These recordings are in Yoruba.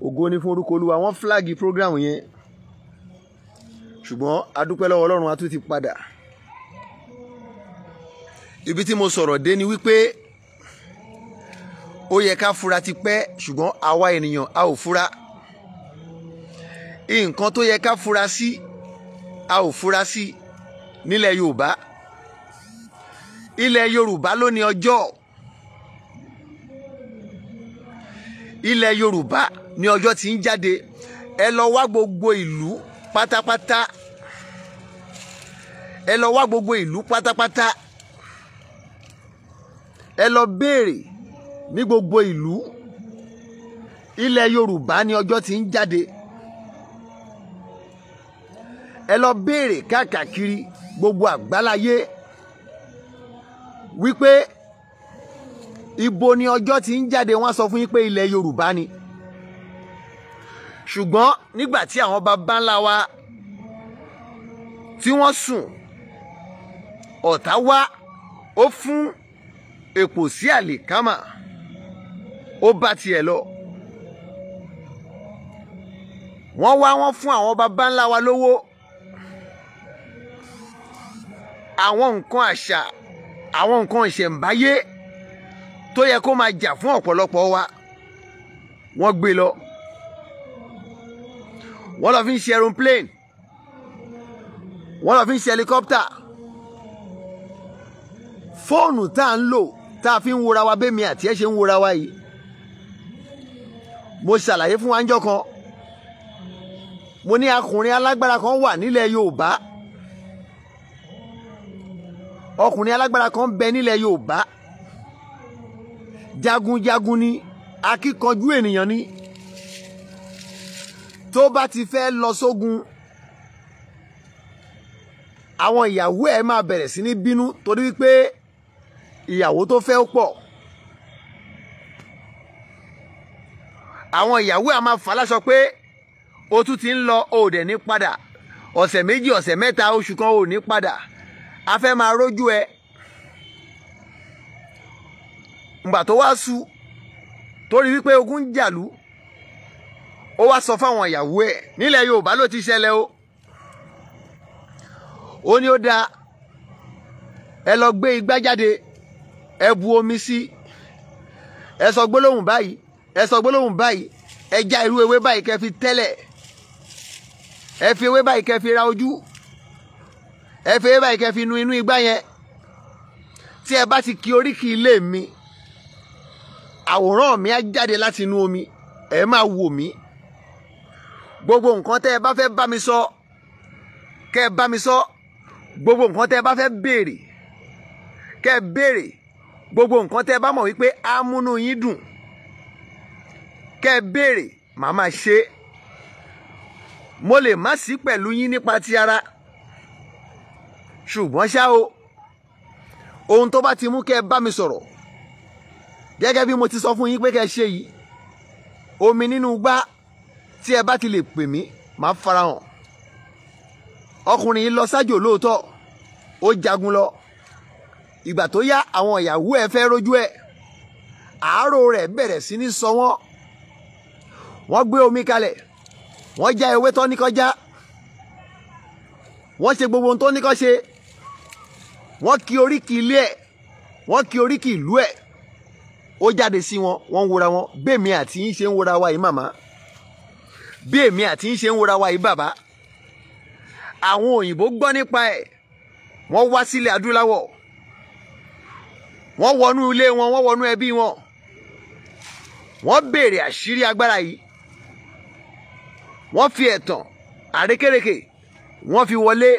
ògo ni fún orúkọ olúwa wọ́n flag program yẹn ṣùgbọ́n adúpẹ́ lọ́wọ́ ọlọ́run a tún ti padà ibi tí mo sọ̀rọ̀ dé ni wípé ó yẹ ká fura ti pẹ́ ṣùgbọ́n àwa ènìyàn a ò fura nǹkan tó yẹ ká fura sí a ò fura sí nílẹ̀ Yorùbá ilẹ̀ Yorùbá ló ní ọjọ́ Yorùbá ní ọjọ́ tí ń jáde ẹ lọ wá gbogbo ìlú pátápátá ẹ lọ wá gbogbo ìlú pátápátá ẹ lọ béèrè ní gbogbo ìlú ilẹ̀ Yorùbá ní ọjọ́ tí ń jáde ẹ lọ béèrè káàkiri gbogbo àgbáláyé wípé ibo ni ọjọ́ tí ń jáde wọ́n sọ fún yín pé ilẹ̀ Yorùbá ni ṣùgbọ́n nígbà tí àwọn baba ńlá wa tí wọ́n sùn ọ̀tá wá ó fún èpò sí àlìkámà ó bá tiẹ̀ lọ wọ́n wá wọ́n fún àwọn baba ńlá wa lówó àwọn nǹkan àṣà àwọn nǹkan ìṣẹ̀ǹbáyé tó yẹ kó máa jà fún ọ̀pọ̀lọpọ̀ wa wọ́n gbé lọ wọ́n lọ fi ń ṣe aeroplane wọ́n lọ fi ń ṣe helicopter fóònù tá à ń lò tá a fi ń wora wa bẹ́mi àti ẹ̀ ṣe ń wora wa yìí mo ṣàlàyé fún wa ńjọ́ kan mo ní akùnrin alágbára kan wà nílẹ̀ Yorùbá ọkùnrin alágbára kan bẹ nílẹ̀ Yorùbá jagunjagun ni akíkanjú ènìyàn ni tó bá ti fẹ́ lọ sógun àwọn ìyàwó ẹ̀ máa bẹ̀rẹ̀ sí ní bínú torí wípé ìyàwó tó fẹ́ pọ̀ àwọn ìyàwó ẹ̀ máa fà láṣọ pé o tún ti ń lọ o dẹ̀ ní padà ọ̀sẹ̀ méjì ọ̀sẹ̀ mẹ́ta oṣù kan ò ní padà a fẹ́ máa rójú ẹ ǹgbà tó wá sú torí wípé ogun jàlú ó wá sọ fáwọn ìyàwó ẹ̀ nílẹ̀ Yorùbá ló ti ṣẹlẹ̀ o ó ní ó dáa ẹ lọ gbé igbá jáde ẹ bu omi sí ẹ sọ gbólóhùn báyìí ẹ sọ gbólóhùn báyìí ẹ já irú ewé báyìí kẹ́ fi tẹ́lẹ̀ ẹ fi ewé báyìí kẹ́ fi ra ojú ẹ fi ewé báyìí kẹ́ fi nu inú igbá yẹn tí ẹ bá ti ki oríkì ilé mi àwòrán mi á jáde láti inú omi ẹ máa wò mí gbogbo nǹkan tẹ́ ẹ bá fẹ́ bá mi sọ kẹ́ ẹ bá mi sọ gbogbo nǹkan tẹ́ ẹ bá fẹ́ béèrè kẹ́ ẹ béèrè gbogbo nǹkan tẹ́ ẹ bá mọ̀ wípé á múnú yín dùn kẹ́ ẹ béèrè màá máa ṣe é mo lè má sí pẹ̀lú yín nípa ti ara ṣùgbọ́n ṣá o ohun tó bá ti mú kẹ́ ẹ bá mi sọ̀rọ̀ gẹ́gẹ́ bí mo ti sọ fún yín pé kẹ́ ẹ ṣe yìí omi nínú gbá tí ẹ bá ti lè pè mí màá farahàn ọkùnrin yìí lọ sájò lóòótọ́ ó jagun lọ ìgbà tó yá àwọn ìyàwó ẹ fẹ́ rojú ẹ àárò rẹ̀ bẹ̀rẹ̀ sí ní sọ wọ́n wọ́n gbé omi kalẹ̀ wọ́n já ewé tó ní kó já wọ́n ṣe gbogbo ohun tó ní kó ṣe wọ́n kí oríkì ilé ẹ̀ wọ́n kí oríkì ìlú ẹ̀ ó jáde sí wọn wọ́n ń wora wọn bẹ́ẹ̀ àti yín ṣe ń wora wa yìí màmá bí èmi àti ń ṣe ń wora wa yìí bàbá àwọn òyìnbó gbọ́ nípa ẹ̀ wọ́n wá sílẹ̀ adúláwọ̀ wọ́n wọnú ilé wọn wọ́n wọnú ẹbí wọn wọ́n béèrè àṣírí agbára yìí wọ́n fi ẹ̀tàn àrékèrèkè wọ́n fi wọlé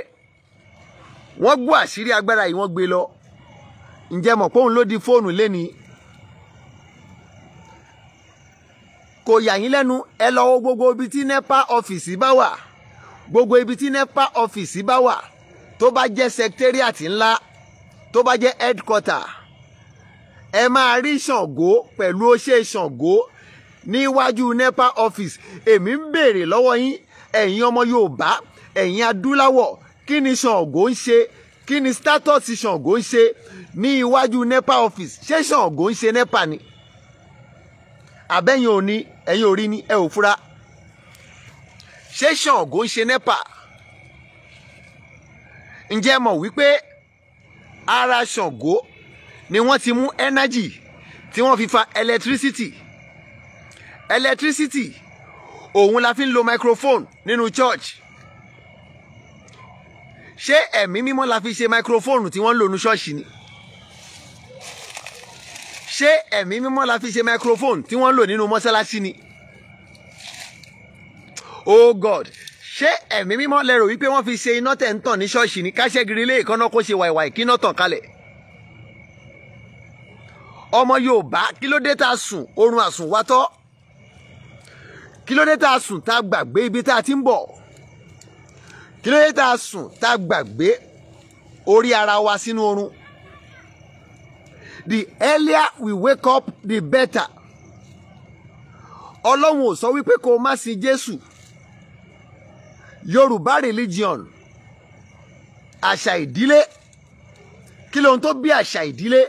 wọ́n gbọ́ àṣírí agbára yìí wọ́n gbé lọ ǹjẹ́ mọ̀ pé òun ló di fóònù lénìí kò yà yín lẹ́nu ẹ lọ wo gbogbo ibi tí nepa ọ́fíìsì bá wà gbogbo ibi tí nepa ọ́fíìsì bá wà tó bá jẹ́ secretariat ńlá tó bá jẹ́ headquarter ẹ máa rí Ṣàngó pẹ̀lú oṣé Ṣàngó níwájú nepa ọ́fíìsì èmi ń béèrè lọ́wọ́ yín ẹ̀yin ọmọ Yorùbá ẹ̀yin adúláwọ̀ kí ni Ṣàngó ń ṣe kí ni status Ṣàngó ń ṣe ní iwájú nepa ọ́fíìsì ṣé Ṣàngó ń ṣe nepa ni àbẹ́yìn òní ẹ̀yìn orí ni ẹ ò fura ṣé Ṣàngó ń ṣe nẹ́pà ǹjẹ́ mọ̀ wípé ara Ṣàngó ni wọ́n ti mú ẹ́nájì tí wọ́n fi fa ẹlẹtírísítì ẹlẹtírísítì òun la fi ń lo microphone nínú church ṣé ẹ̀mí mímọ́ la fi ṣe microphone tí wọ́n ń lò ní ṣọ́ọ̀ṣì ni ṣé ẹ̀mí mímọ́ la fi ṣe microphone tí wọ́n lò nínú mọ́ṣáláṣí ni oh god ṣé ẹ̀mí mímọ́ lẹ́rọ wípé wọ́n fi ṣe iná tẹ̀ ń tàn ní ṣọ́ọ̀ṣì ní káṣẹ́giri ilé ìkànnà kó ṣe wàìwàì kí iná tàn kalẹ̀ ọmọ Yorùbá kí ló dé tá sùn oorun àsùnwátọ́ kí ló dé tá sùn tá gbàgbé ibi tá a ti ń bọ̀ kí ló dé tá sùn tá gbàgbé orí ara wa sínú oorun the earlier we wake up the better ọlọ́run ò sọ wípé kó o má sin jésù yorùbá religion àṣà ìdílé kí lohun tó bí àṣà ìdílé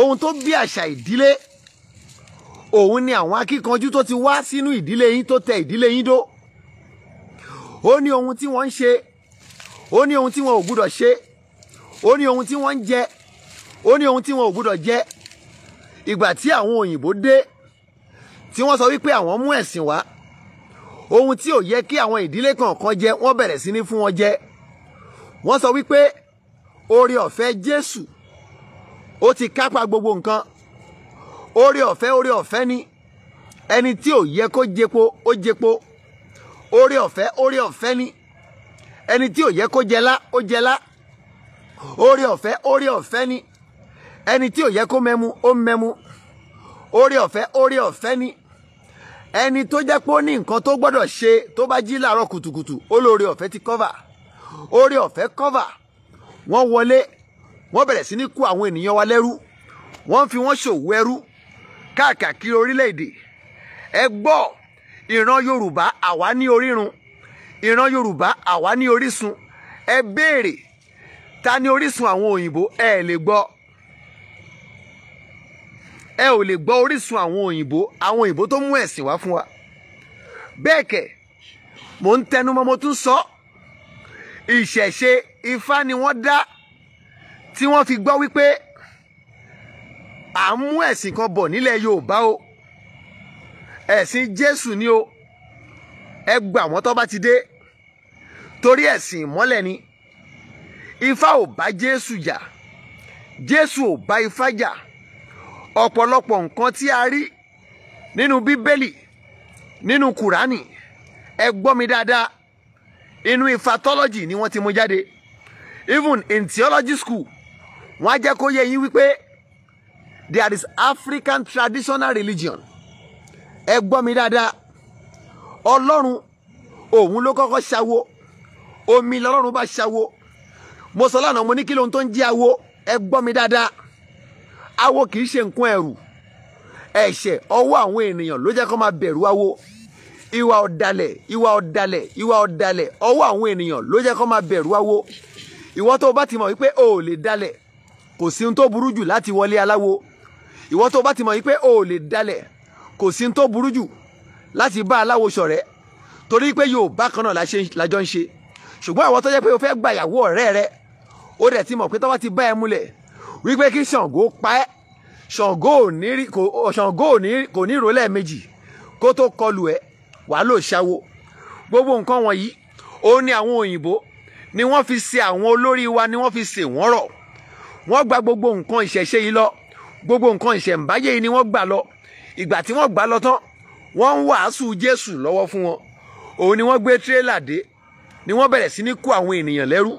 ohun tó bí àṣà ìdílé òun ni àwọn akíkanjú tó ti wá sínú ìdílé yín tó tẹ ìdílé yín dó ó ní ohun tí wọ́n ń ṣe ó ní ohun tí wọn ò gbúdọ̀ ṣe ó ní ohun tí wọ́n ń jẹ ó ní ohun tí wọn ò gbúdọ̀ jẹ ìgbà tí àwọn òyìnbó dé tí wọ́n sọ wípé àwọn mú ẹ̀sìn wá ohun tí ò yẹ kí àwọn ìdílé kọ̀ọ̀kan jẹ wọ́n bẹ̀rẹ̀ sí ní fún wọn jẹ wọ́n sọ wípé oore ọ̀fẹ́ Jésù ó ti kápá gbogbo nǹkan oore ọ̀fẹ́ oore ọ̀fẹ́ ni ẹni tí ò yẹ kó jẹpo ó jẹpo oore ọ̀fẹ́ oore ọ̀fẹ́ ni ẹni tí ò yẹ kó jẹlá ó jẹlá oore ọ̀fẹ́ oore ọ̀fẹ́ ni ẹni tí ò yẹ kó mẹ́mu ó mẹ́mu orí ọ̀fẹ́ orí ọ̀fẹ́ ni ẹni tó jẹ́ pé ó ní nǹkan tó gbọ́dọ̀ ṣe tó bá jí láàárọ̀ kùtùkùtù ó lórí ọ̀fẹ́ ti cover orí ọ̀fẹ́ cover wọ́n wọlé wọ́n bẹ̀rẹ̀ sí ní kó àwọn ènìyàn wa lẹ́rú wọ́n fi wọ́n ṣòwò ẹrú káàkiri orílẹ̀-èdè ẹ gbọ́ ìran Yorùbá àwa ní orírun ìran Yorùbá àwa ní orísun ẹ béèrè ta ni orísun àwọn òyìnbó ẹ lè gbọ́ ẹ ò lè gbọ́ orísun àwọn òyìnbó àwọn òyìnbó tó mú ẹ̀sìn wá fún wa bẹ́ẹ̀ kẹ̀ mò ń tẹnumọ́ mo tún sọ ìṣẹ̀ṣe ifá ni wọ́n dá tí wọ́n fi gbọ́ wípé à ń mú ẹ̀sìn kan bọ̀ nílẹ̀ Yorùbá o ẹ̀sìn Jésù ni o ẹ gbà wọ́n tó bá ti dé torí ẹ̀sìn ìmọ́lẹ̀ ni Ifá ò bá Jésù jà Jésù ò bá Ifá jà. Ja ọ̀pọ̀lọpọ̀ nǹkan tí a rí nínú bíbélì nínú kùránì ẹ gbọ́ mi dáadáa inú infatology ni wọ́n ti mú jáde even in theology school wọ́n á jẹ́ kó yé yín wípé there is African traditional religion ẹ gbọ́ mi dáadáa ọlọ́run òun ló kọ́kọ́ ṣàwo omi lọ́lọ́run bá ṣàwo mo sọ lánàá mo ní kí lóhun tó ń jẹ́ àwo ẹ gbọ́ mi dáadáa awo kì í ṣe nǹkan ẹ̀rù ẹ̀ṣẹ̀ ọwọ́ àwọn ènìyàn ló jẹ́ kó máa bẹ̀rù awo ìwà ọ̀dàlẹ̀ ìwà ọ̀dàlẹ̀ ìwà ọ̀dàlẹ̀ ọwọ́ àwọn ènìyàn ló jẹ́ kó máa bẹ̀rù awo ìwọ tó bá ti mọ̀ wípé o ò lè dalẹ̀ kò sí ohun tó burú jù láti wọlé aláwo ìwọ tó bá ti mọ̀ wípé o ò lè dalẹ̀ kò sí ohun tó burú jù láti bá aláwo ṣọ̀rẹ́ torí pé Yorùbá kan náà lájọ ń ṣe ṣùgbọ́n ìwọ tó jẹ́ pé o fẹ́ gba ọ̀rẹ́ rẹ ó dẹ̀ ti mọ̀ pé tó bá ti bá ẹ múlẹ̀ wípé kí Ṣàngó pa ẹ́ ṣàngó kò ní ìró lẹ́ẹ̀mejì kó tó kọlù ẹ̀ wàá lò ṣáwó gbogbo nǹkan wọ̀nyí òun ni àwọn òyìnbó ni wọ́n fi ṣe àwọn olórí wa ni wọ́n fi ṣe wọ́n rọ̀ wọ́n gba gbogbo nǹkan ìṣẹ̀ṣe yìí lọ gbogbo nǹkan ìṣẹ̀ǹbáyé yìí ni wọ́n gbà lọ ìgbà tí wọ́n gbà lọ tán wọ́n ń wàásù Jésù lọ́wọ́ fún wọn òun ni wọ́n gbé tírélà dé ni wọ́n bẹ̀rẹ̀ sí ní kó àwọn ènìyàn lẹ́rú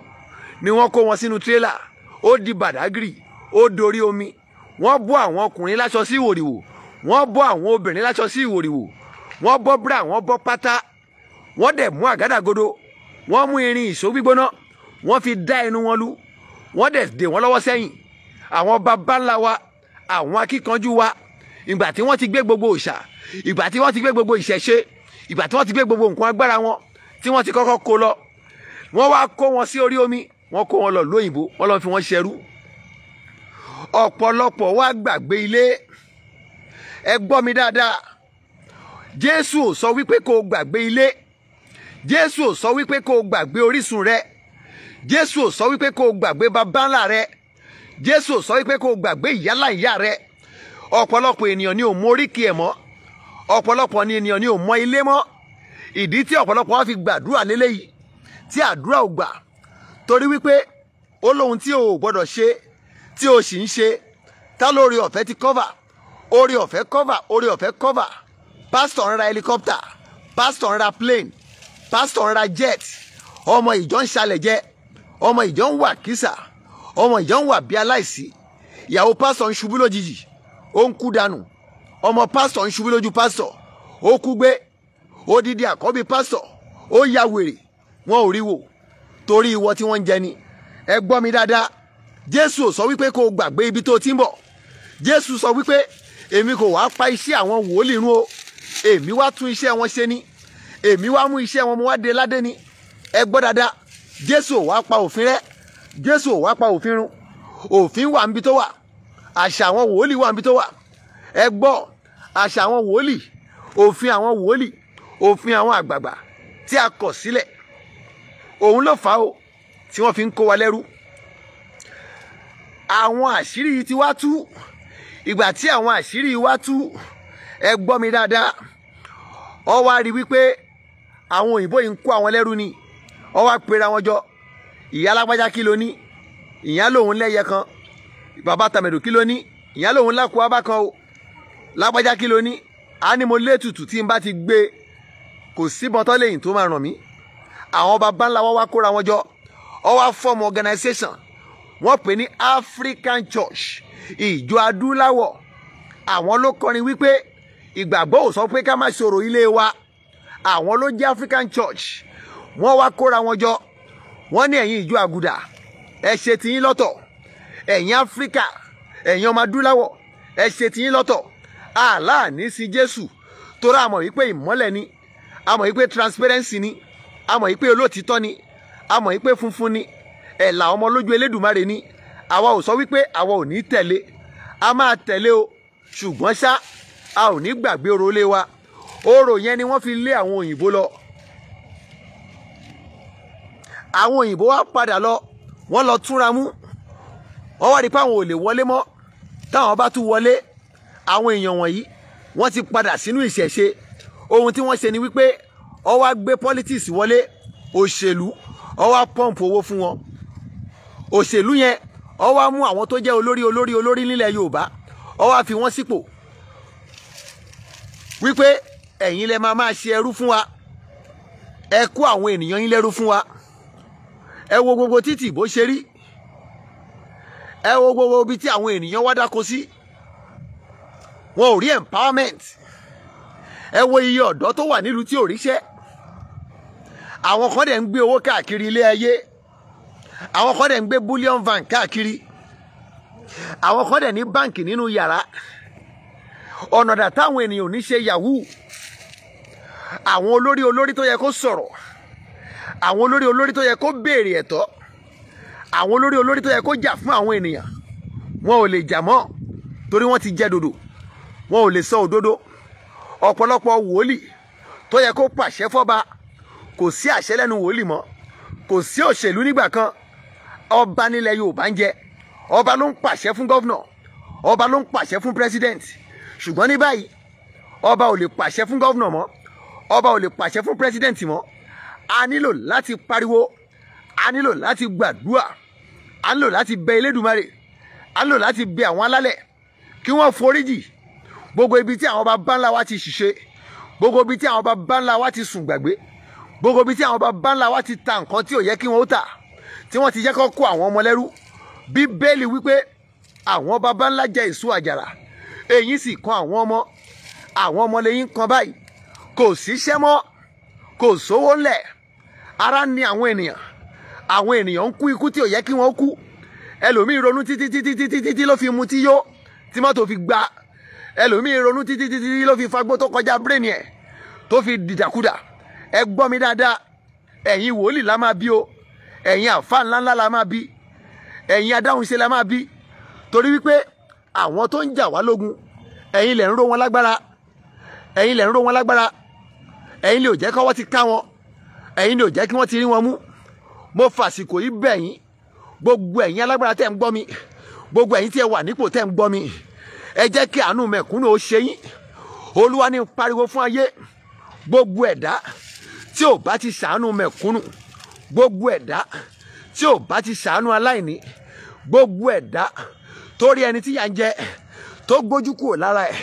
ni wọ́n kó wọn sínú tírélà ó di Bàdágìrì ó dorí omi wọ́n bọ́ àwọn ọkùnrin láṣọ sí ìwòrìwò wọ́n bọ́ àwọn obìnrin láṣọ sí ìwòrìwò wọ́n bọ́ bra wọ́n bọ́ pátá wọ́n dẹ̀ mú àgádágodo wọ́n mú irin ìṣó gbígbóná wọ́n fi dá ẹnu wọn lú wọ́n dẹ̀ dè wọ́n lọ́wọ́ sẹ́yìn àwọn baba ńlá wa àwọn akíkanjú wa ìgbà tí wọ́n ti gbé gbogbo òòṣà ìgbà tí wọ́n ti gbé gbogbo ìṣẹ̀ṣe ìgbà tí wọ́n ti gbé gbogbo nǹkan agbára wọn tí wọ́n ti kọ́kọ́ kó lọ wọ́n wá kó wọn sí orí omi wọ́n kó wọn lọ lóyìnbó wọ́n lọ fi wọ́n ṣẹrú ọ̀pọ̀lọpọ̀ wá gbàgbé ilé ẹ gbọ́ mi dáadáa jésù ò sọ wípé kó o gbàgbé ilé jésù ò sọ wípé kó o gbàgbé orísun rẹ jésù ò sọ wípé kó o gbàgbé babańlá rẹ jésù ò sọ wípé kó gbàgbé ìyálà ìyá rẹ ọ̀pọ̀lọpọ̀ ènìyàn ni ò mọ oríkì ẹ̀ mọ́ ọ̀pọ̀lọpọ̀ ni ènìyàn ni ò mọ ilé mọ́ ìdí tí ọ̀pọ̀lọpọ̀ wá fi gbàdúrà lélẹ́yìí tí àdúrà ò gbà torí wípé ó lóhun tí ò gbọ́dọ̀ ṣe tí o sì ń ṣe tá lórí ọ̀fẹ́ ti cover orí ọ̀fẹ́ cover orí ọ̀fẹ́ cover pastor ń ra helicopter pastor ń ra plane pastor ń ra jet ọmọ ìjọ ń ṣalẹ̀ jẹ ọmọ ìjọ ń wà kísà ọmọ ìjọ ń wà bí aláìsí ìyàwó pásítọ̀ ń ṣubú lójijì ó ń kú dànù ọmọ pásítọ̀ ń ṣubú lójú pásítọ̀ ó kú gbé odidi àkọ́bí pásítọ̀ ó ya wèrè wọn ò rí wò torí ìwọ tí wọ́n ń jẹ ni ẹ gbọ́ mi dáadáa jésù ò sọ wípé kó o gbàgbé ibi tó ti ń bọ̀ jésù sọ wípé èmi kò wá pa iṣẹ́ àwọn wòlíì run o èmi wá tún iṣẹ́ wọn ṣe ni èmi wá mú iṣẹ́ wọn mo wá de ládé ni ẹ gbọ́ dáadáa jésù ò wá pa òfin rẹ́ jésù ò wá pa òfin run òfin wà níbi tó wà àṣà àwọn wòlíì wà níbi tó wà ẹ gbọ́ àṣà àwọn wòlíì òfin àwọn wòlíì òfin àwọn àgbààgbà tí a kọ̀ sílẹ̀ òun ló fà á o tí wọ́n fi ń kó wa lẹ́rú àwọn àṣírí yìí ti wá tú ìgbà tí àwọn àṣírí yìí wá tú ẹ gbọ́ mi dáadáa ọ wá rí wípé àwọn òyìnbó yìí ń kó àwọn lẹ́rú ni ọ wá pera wọn jọ ìyá alágbájá kí ló ní ìyá lòun lẹ́yẹ kan bàbá tàmẹ̀dò kí ló ní ìyá lòun lákòó abá kan o lágbájá kí ló ní a ní mo létùtù tí n bá ti gbé kò síbọn tọ́lẹ̀yìn tó máa ràn mí àwọn baba ńlá wa wá kóra wọn jọ ọ wá fọ́ọ̀mù organization wọ́n pè ní African Church ìjọ adúláwọ̀ àwọn ló kọrin wípé ìgbàgbọ́ ò sọ pé ká má sọ̀rọ̀ ilé wa àwọn ló jẹ́ African Church wọ́n wá kóra wọn jọ wọ́n ní ẹ̀yin ìjọ àgùdà ẹ ṣe tiyín lọ́tọ̀ ẹ̀yin Áfíríkà ẹ̀yin ọmọ adúláwọ̀ ẹ ṣe tiyín lọ́tọ̀ aláàní sí Jésù torí a wípé ìmọ́lẹ̀ ni a mọ̀ wípé transparency ni a mọ̀ wípé olótìtọ́ ni a mọ̀ wípé funfun ni ẹ̀ là ọmọ lójú Elédùmarè ni àwa ò sọ wípé àwa ò ní tẹ̀lé a máa tẹ̀lé o ṣùgbọ́n ṣá a ò ní gbàgbé orò lé wa orò yẹn ni wọ́n fi lé àwọn òyìnbó lọ àwọn òyìnbó wá padà lọ wọ́n lọ túnra mú wọ́n wá rí pé àwọn ò lè wọlé mọ́ táwọn bá tún wọlé àwọn èèyàn wọ̀nyí wọ́n ti padà sínú ìṣẹ̀ṣe ohun tí wọ́n ṣe ni wípé ó wá gbé politics wọlé òṣèlú ó wá pọ́ǹpù owó fún wọn òṣèlú yẹn ó wá mú àwọn tó jẹ́ olórí olórí olórí nílẹ̀ Yorùbá ó wá fi wọ́n sípò wípé ẹ̀yin lẹ máa máa ṣe ẹrú fún wa ẹ kó àwọn ènìyàn yín lẹ́rú fún wa ẹ wo gbogbo títì bó ṣe rí ẹ wo gbogbo ibi tí àwọn ènìyàn wá dáko sí wọn ò rí empowerment ẹ wo iye ọ̀dọ́ tó wà nílùú tí ò ríṣẹ́ àwọn kan dẹ̀ ń gbé owó káàkiri ilé ayé àwọn kan dẹ̀ ń gbé bullion van káàkiri àwọn kan dẹ̀ ní báǹkì nínú yàrá ọ̀nà dà táwọn ènìyàn ò ní ṣe yahoo àwọn olórí olórí tó yẹ kó sọ̀rọ̀ àwọn olórí olórí tó yẹ kó béèrè ẹ̀tọ́ àwọn olórí olórí tó yẹ kó jà fún àwọn ènìyàn wọn ò lè jà mọ́ torí wọ́n ti jẹ dòdò wọn ò lè sọ òdodo ọ̀pọ̀lọpọ̀ wòlíì tó yẹ kó pàṣẹ fọ́ba kò sí àṣẹ lẹ́nu wòlíì mọ́ kò sí òṣèlú nígbà kan ọba nílẹ̀ yorùbá ń jẹ ọba ló ń pàṣẹ fún gọ́vnà ọba ló ń pàṣẹ fún president ṣùgbọ́n ní báyìí ọba ò lè pàṣẹ fún gọ́vnà mọ́ ọba ò lè pàṣẹ fún president mọ́ a nílò láti pariwo a nílò láti gbàdúrà a nílò láti bẹ elédùmarè a nílò láti bẹ àwọn alálẹ̀ kí wọ́n foríjì gbogbo ibi tí àwọn baba ńlá wa ti ṣiṣẹ́ gbogbo ibi tí àwọn baba ńlá wa ti sùn gbàgbé gbogbo ibi tí àwọn baba ńlá wa ti ta nǹkan tí ò yẹ kí wọ́n ó tà tí wọ́n ti jẹ́ kó kó àwọn ọmọ lẹ́rú bíbélì wípé àwọn baba ńlá jẹ èso àjàrà èyí sì kan àwọn ọmọ àwọn ọmọ lẹ́yìn kan báyìí kò síṣẹ́ mọ́ kò sówó ńlẹ̀ ara ni àwọn ènìyàn àwọn ènìyàn ń kú ikú tí ò yẹ kí wọ́n kú ẹlòmíì ronú títí títí títí títí ló fi mutí yó tí mọ́tò fi gba ẹlòmíì ronú títí títí ló fi fagbó tó kọjá bírèèni ẹ̀ tó fi dìdàkudà ẹ gbọ́ mi dáadáa ẹ̀yin wòlíì la máa bí o ẹ̀yin àfa ńláńlá la máa bí ẹ̀yin adáhunṣe la máa bí torí wípé àwọn tó ń jà wá lógun ẹ̀yin lẹ̀ ń ró wọn lágbára ẹ̀yin lẹ̀ ń ró wọn lágbára ẹ̀yin lè ò jẹ́ kọ́wọ́ ti ká wọn ẹ̀yin lè ò jẹ́ kí wọ́n ti rí wọn mú mo fàsìkò yìí bẹ̀ yín gbogbo ẹ̀yin alágbára tẹ́ ń gbọ́ mi gbogbo ẹ̀yin tí ẹ wà nípò tẹ́ ń gbọ́ mi ẹ jẹ́ kí àánú mẹ̀kúnnù ó ṣe yín olúwa ní pariwo fún ayé gbogbo ẹ̀dá tí ò bá ti ṣàánú mẹ̀kúnnù gbogbo ẹ̀dá tí ò bá ti ṣàánú aláìní gbogbo ẹ̀dá tó rí ẹni tí yà ń jẹ tó gbójú kúrò lára ẹ̀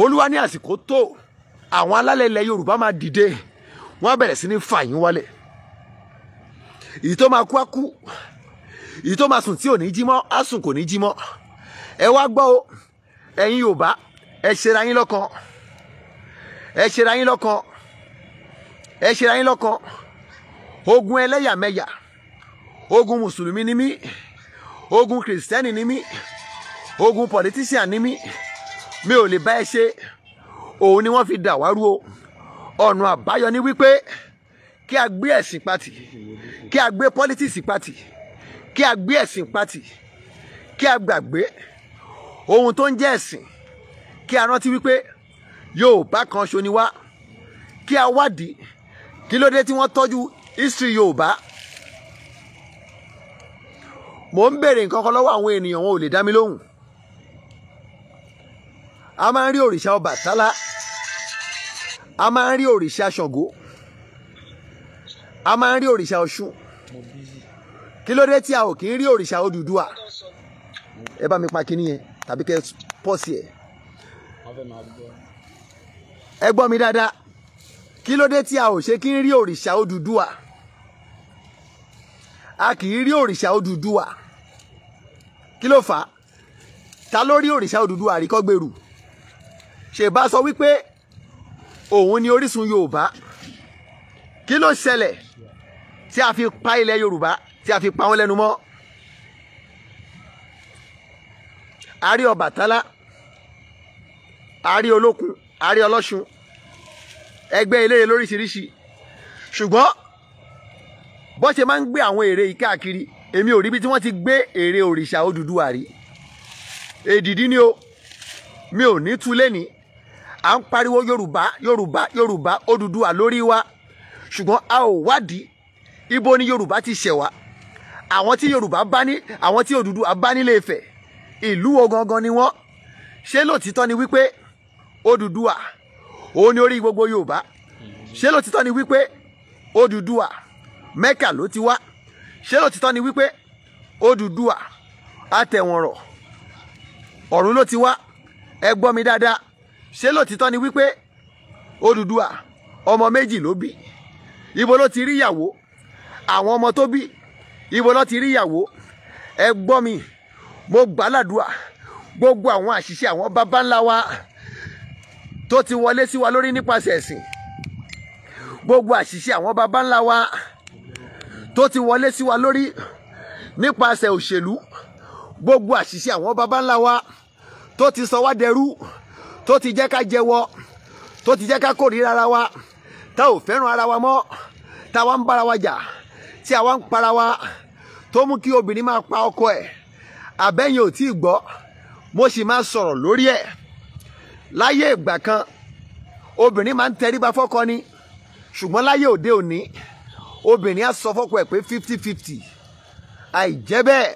olúwa ní àsìkò tó àwọn alálẹ̀ ilẹ̀ yorùbá máa dìde wọ́n á bẹ̀rẹ̀ sí ní fà wálẹ̀ èyí tó máa kú á kú èyí tó máa sùn tí ò ní jí mọ́ á sùn kò ní jí mọ́ ẹ wá gbọ́ o ẹ̀yin yorùbá ẹ ṣera yín lọ́kan ẹ ṣera yín lọ́kan ẹ ṣera yín lọ́kan ogun ẹlẹ́yàmẹ̀yà ogun mùsùlùmí ni mí ogun kìrìsìtẹ́nì ni mí ogun politician ni mí mi ò lè bá ẹ ṣe òun ni wọ́n fi dàwárú o ọ̀nà àbáyọ ni wípé kí a gbé ẹ̀sìn pati kí a gbé politics pati kí a gbé ẹ̀sìn pati kí a gbàgbé ohun tó ń jẹ́ ẹ̀sìn kí a rántí wípé Yorùbá kan ṣo wá kí a wádìí kí ló dé tí wọ́n tọ́jú history yorùbá mò ń béèrè nǹkan kan lọ́wọ́ àwọn ènìyàn wọn ò lè dá mi lóhùn a máa ń rí òrìṣà Ọbàtálá a máa ń rí òrìṣà Ṣàngó a máa ń rí òrìṣà Ọ̀ṣun kí ló dé tí a ò kì í rí òrìṣà Odùduwà ẹ bá mi pa kíní yẹn tàbí kẹ́ pọ́sì ẹ̀ ẹ gbọ́ mi dáadáa kí ló dé tí a ò ṣe kí n rí òrìṣà Odùduwà a kì í rí òrìṣà Odùduwà kí ló fà á ta ló rí òrìṣà Odùduwà rí kọ́gbèrú ṣèbá sọ wípé òun ni orísun Yorùbá kí ló ṣẹlẹ̀ tí a fi pa ilẹ̀ Yorùbá tí a fi pa wọn lẹ́nu mọ́ a rí Ọbàtálá a Olókun a rí ẹgbẹ́ eléyè lóríṣiríṣi ṣùgbọ́n bó ṣe máa ń gbé àwọn ère yìí káàkiri èmi ò rí bí tí wọ́n ti gbé ère òrìṣà Odùduwà rí èdìdí ni o mi ò ní tulé ní à ń pariwo Yorùbá Yorùbá Yorùbá Odùduwà lórí wa ṣùgbọ́n a ò wádìí ibo ni Yorùbá ti ṣẹ̀ wá àwọn tí Yorùbá bá ní àwọn tí Odùduwà bá nílé Ifẹ̀ ìlú wo gangan ni wọ́n ṣé lótìtọ́ ni wípé Odùduwà òun ni orí gbogbo Yorùbá ṣé lótìtọ́ ni wípé Odùduwà mẹ́kà ló ti wá ṣé lótìtọ́ ni wípé Odùduwà àtẹ̀wọ̀nrọ̀ ọ̀run ló ti wá ẹ gbọ́ mi dáadáa ṣé lótìtọ́ ni wípé Odùduwà ọmọ méjì ló bí ibo ló ti rí ìyàwó àwọn ọmọ tó bí ibo ló ti rí ìyàwó ẹ gbọ́ mi mo gbàládùá gbogbo àwọn àṣìṣe àwọn baba ńlá wa tó ti wọlé sí wa lórí nípasẹ̀ ẹ̀sìn gbogbo àṣìṣe àwọn baba ńlá wa tó ti wọlé sí wa lórí nípasẹ̀ òṣèlú gbogbo àṣìṣe àwọn baba ńlá wa tó ti sọ wá dẹrú tó ti jẹ́ ká jẹwọ tó ti jẹ́ ká kórìíra ara wa tá ò fẹ́ràn ara wa mọ́ tá a wá ń bára wa jà tí a wá ń para wa tó mú kí obìnrin máa pa ọkọ ẹ̀ àbẹ́yìn ò tí ì gbọ́ mo sì máa sọ̀rọ̀ lórí ẹ̀ láyé ìgbà kan obìnrin máa ń tẹríba fọ́kọ ni ṣùgbọ́n láyé òde òní obìnrin á sọ fọ́kọ ẹ̀ pé fifty fifty àìjẹ́ bẹ́ẹ̀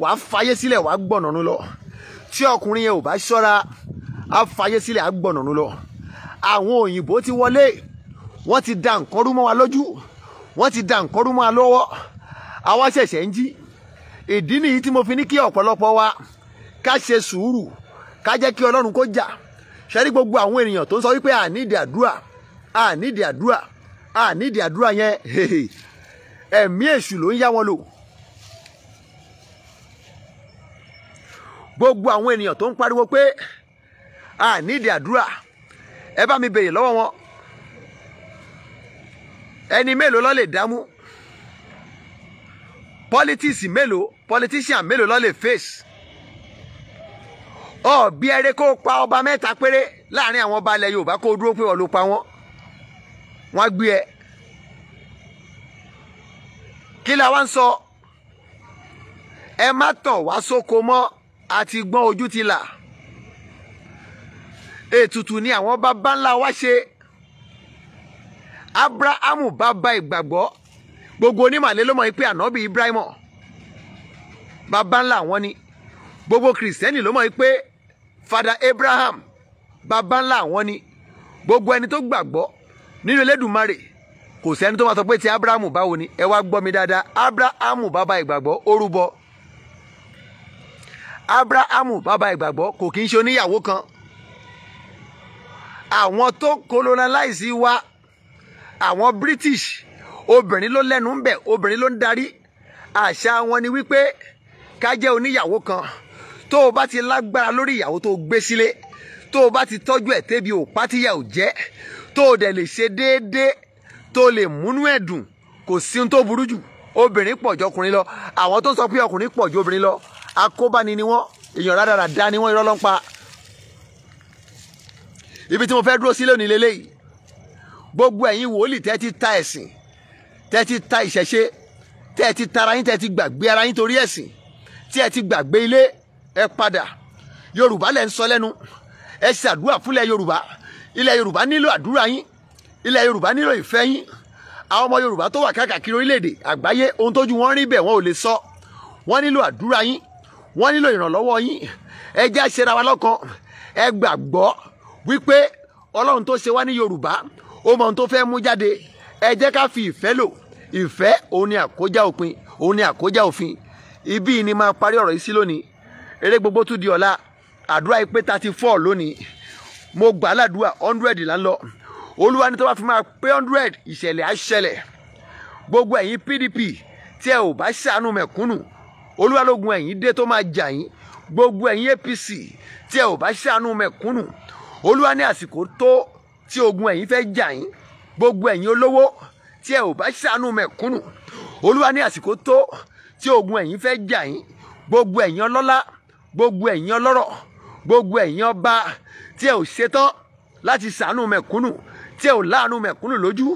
wàá fàyè sílẹ̀ wàá gbọ̀nànú lọ tí ọkùnrin yẹn ò bá ṣọ́ra á fàyè sílẹ̀ á gbọ̀nànú lọ àwọn òyìnbó ti wọlé wọ́n ti da nǹkan rú mọ́ wa lójú wọ́n ti da nǹkan rú mọ́ wa lọ́wọ́ àwa ṣẹ̀ṣẹ̀ ń jí ìdí nìyí tí mo fi ní kí ọ̀pọ̀lọpọ̀ wa ká ṣe sùúrù ká jẹ́ kí Ọlọ́run kó jà ṣẹ́rí gbogbo àwọn ènìyàn tó ń sọ wípé àníìdí àdúrà àníìdí àdúrà a ah, nídìí àdúrà yẹn ẹ̀mí èṣù ló ń yá wọn lò gbogbo àwọn ènìyàn tó ń pariwo pé a nídìí àdúrà ẹ bá mi béèrè lọ́wọ́ wọn ẹni mélòó ló lè dámú pọ́lítíìsì mélòó pọ́lítíṣàn mélòó ló lè fèsì ọ̀bí ẹrẹ́ kó pa ọba mẹ́ta péré láàrin àwọn ọba ilẹ̀ Yorùbá kó dúró pé wọ́n ló pa wọ́n wọ́n á gbé ẹ kí la wá ń sọ ẹ má tàn wá sóko mọ́ àti gbọ́n ojú ti là ètùtù ni àwọn bàbá ńlá wa ṣe abrahamu bàbá ìgbàgbọ́ gbogbo onímọ̀lẹ́ ló mọ̀ pé ànábì ibrahimu bàbá ńlá wọn ni gbogbo kìrìsìtẹ́nì ló mọ̀ pé fada abraham bàbá ńlá wọn ni gbogbo ẹni tó gbàgbọ́ nínú Elédùmarè kò sẹ́ni tó máa sọ pé ti Abrahamu báwo ni ẹ wá gbọ́ mi dáadáa Abrahamu bàbá ìgbàgbọ́ ó Abrahamu bàbá ìgbàgbọ́ kò kí ń ṣe oníyàwó kan àwọn tó colonize wa àwọn British obìnrin ló lẹ́nu ń bẹ̀ obìnrin ló ń darí àṣà wọn ni wípé ká jẹ́ oníyàwó kan tó o bá ti lágbára lórí ìyàwó tó o gbé sílé tó o bá ti tọ́jú ẹ̀ tébi ò pátíyà ò jẹ́ tó o dẹ̀ lè ṣe déédéé tó o lè múnú ẹ̀ dùn kò sí ohun tó burú jù obìnrin pọ̀ jọ ọkùnrin lọ àwọn tó sọ pé ọkùnrin pọ̀ jọ obìnrin lọ akóbáni ni wọ́n èèyàn rádaràda ni wọ́n irọ́ ló ń pa ibi tí mo fẹ́ dúró sí lónìí lélẹ́yìí gbogbo ẹ̀yin wòlíì tẹ́ ti ta ẹ̀sìn tẹ́ ti ta ìṣẹ̀ṣe tẹ́ ti tara yín tẹ́ ti gbàgbé ara yín torí ẹ̀sìn tí ẹ ti gbàgbé ilé ẹ padà yorùbá lẹ ń sọ lẹ́nu ẹ ṣàdúrà fúnlẹ̀ yorùbá ilẹ̀ yorùbá nílò àdúrà yín ilẹ̀ yorùbá nílò ìfẹ́ yín àwọn ọmọ yorùbá tó wà káàkiri orílẹ̀-èdè àgbáyé ohun tójú wọn rí bẹ́ẹ̀ wọn ò lè sọ wọ́n nílò àdúrà yín wọ́n nílò ìrànlọ́wọ́ yín ẹ jẹ́ àṣẹra wa lọ́kan ẹ gbàgbọ́ wípé ọlọ́run tó ṣe wá ní yorùbá ó mọ ohun tó fẹ́ mú jáde ẹ jẹ́ ká fi ìfẹ́ lò ìfẹ́ òun ni àkójá òpin òun ni àkójá òfin ibí ni máa parí ọ̀rọ̀ yìí sí lónìí eré gbogbo tún di ọ̀la àdúrà yìí pé thirty four lónìí mo gbà ládùúgbà hundred là ń lọ olúwa ní tó bá fi máa pé hundred ìṣẹ̀lẹ̀ á ṣẹlẹ̀ gbogbo ẹ̀yin PDP tí ẹ ò bá ṣàánú mẹ̀kúnnù olúwa lógun ẹ̀yin dé tó máa jà yín gbogbo ẹ̀yin APC tí ẹ ò bá ṣàánú mẹ̀kúnnù olúwa ní àsìkò tó tí ogun ẹ̀yin fẹ́ jà yín gbogbo ẹ̀yin olówó tí ẹ ò bá ṣàánú mẹ̀kúnnù olúwa ní àsìkò tó tí ogun ẹ̀yin fẹ́ jà yín gbogbo ẹ̀yin ọlọ́lá gbogbo ẹ̀yin ọlọ́rọ̀ gbogbo ẹ̀yin ọba tí ẹ ò ṣetán láti ṣàánú mẹ̀kúnnù tí ẹ ò láàánú mẹ̀kúnnù lójú.